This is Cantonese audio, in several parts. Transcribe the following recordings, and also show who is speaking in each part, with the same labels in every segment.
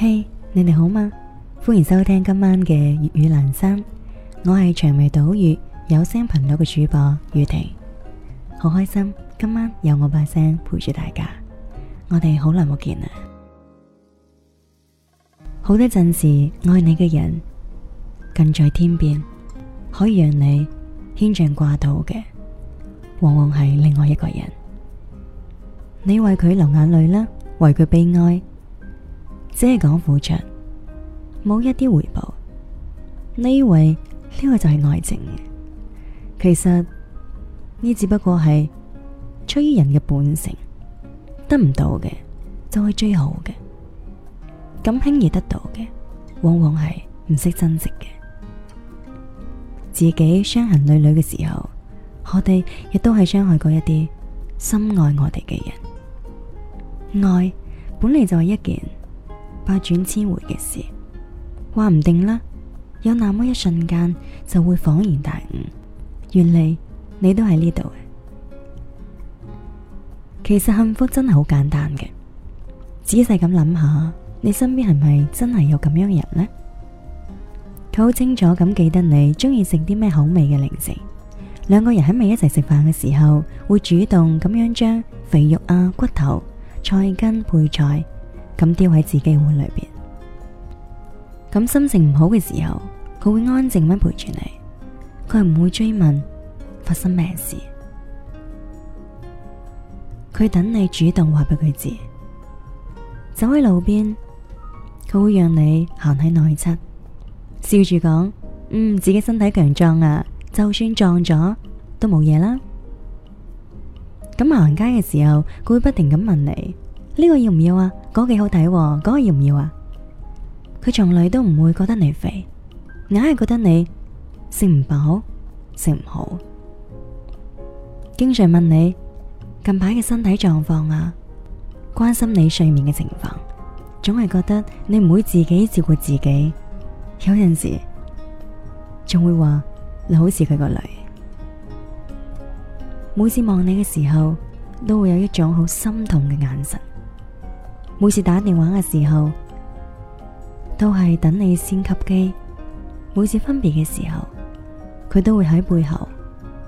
Speaker 1: 嘿，hey，你哋好嗎？歡迎收聽今晚嘅粵語闌珊，我係長眉島月有聲頻道嘅主播雨婷，好開心今晚有我把聲陪住大家，我哋好耐冇見啦。好多陣時，愛你嘅人近在天邊，可以讓你牽腸掛肚嘅，往往係另外一個人。你為佢流眼淚啦，為佢悲哀。只係講付出，冇一啲回報。你以為，呢個就係愛情？其實呢，只不過係出於人嘅本性。得唔到嘅就係最好嘅，咁輕易得到嘅，往往係唔識珍惜嘅。自己傷痕累累嘅時候，我哋亦都係傷害過一啲深愛我哋嘅人。愛本嚟就係一件百轉千回嘅事，話唔定啦，有那麼一瞬間就會恍然大悟，原嚟你都喺呢度。其實幸福真係好簡單嘅，仔細咁諗下，你身邊係咪真係有咁樣嘅人呢？佢好清楚咁記得你鍾意食啲咩口味嘅零食，兩個人喺未一齊食飯嘅時候，會主動咁樣將肥肉啊、骨頭、菜根配菜。咁丟喺自己碗裏邊。咁心情唔好嘅時候，佢會安靜咁陪住你，佢唔會追問發生咩事。佢等你主動話俾佢知。走喺路邊，佢會讓你行喺內側，笑住講：嗯，自己身體強壯啊，就算撞咗都冇嘢啦。咁行街嘅時候，佢會不停咁問你：呢個要唔要啊？嗰幾好睇，嗰個要唔要啊？佢從來都唔會覺得你肥，硬係覺得你食唔飽、食唔好，經常問你近排嘅身體狀況啊，關心你睡眠嘅情況，總係覺得你唔會自己照顧自己，有陣時仲會話你好似佢個女，每次望你嘅時候都會有一種好心痛嘅眼神。每次打電話嘅時候，都係等你先吸機；每次分別嘅時候，佢都會喺背後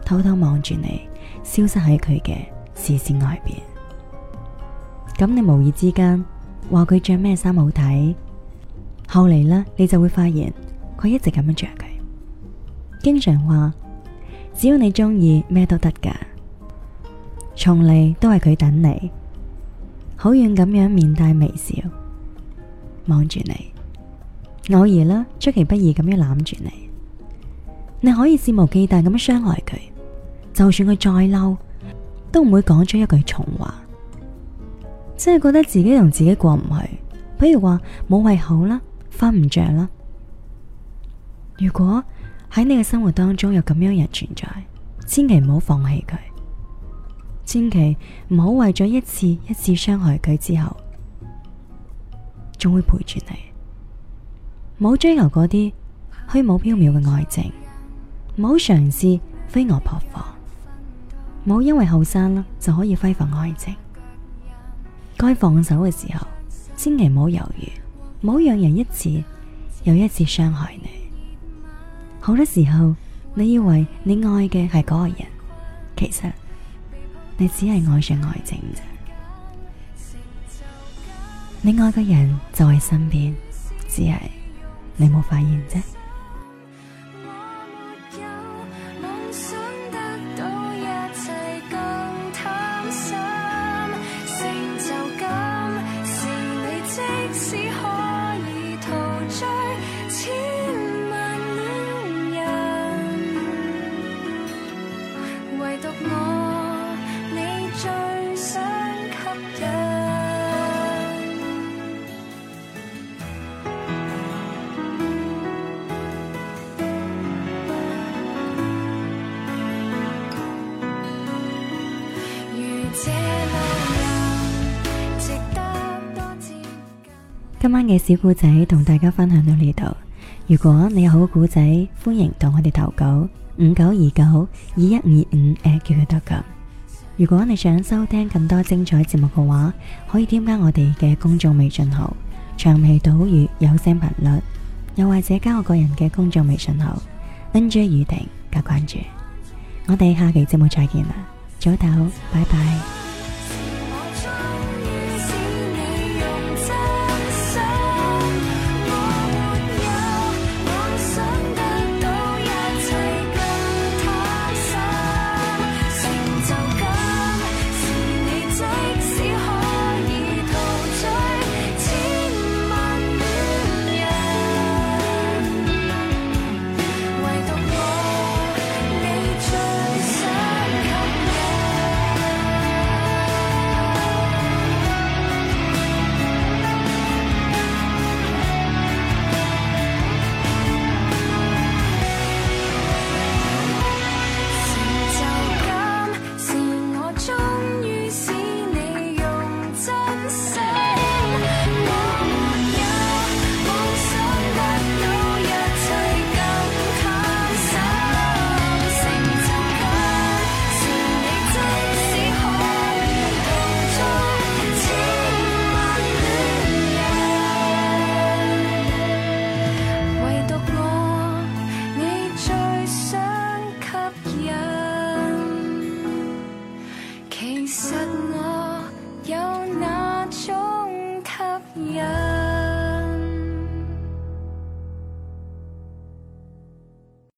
Speaker 1: 偷偷望住你，消失喺佢嘅視線外邊。咁你無意之間話佢着咩衫好睇，後嚟呢，你就會發現佢一直咁樣着佢，經常話只要你中意咩都得㗎，從嚟都係佢等你。好遠咁樣面帶微笑望住你，偶爾啦出其不意咁樣攬住你，你可以肆無忌憚咁樣傷害佢，就算佢再嬲，都唔會講出一句重話。即係覺得自己同自己過唔去，比如話冇胃口啦，瞓唔着啦。如果喺你嘅生活當中有咁樣人存在，千祈唔好放棄佢。千祈唔好為咗一次一次傷害佢之後，仲會陪住你。唔好追求嗰啲虛無縹緲嘅愛情，唔好嘗試飛蛾撲火，唔好因為後生啦就可以揮霍愛情。該放手嘅時候，千祈唔好猶豫，唔好讓人一次又一次傷害你。好多時候，你以為你愛嘅係嗰個人，其實你只係愛上愛情啫，你愛嘅人就係身邊，只係你冇發現啫。今晚嘅小故仔同大家分享到呢度。如果你有好故仔，歡迎同我哋投稿五九二九二一五五誒，叫 c o m。如果你想收聽更多精彩節目嘅話，可以添加我哋嘅公眾微信號長期島嶼有聲頻率，又或者加我個人嘅公眾微信號 N J 預定加關注。我哋下期節目再見啦，早唞，拜拜。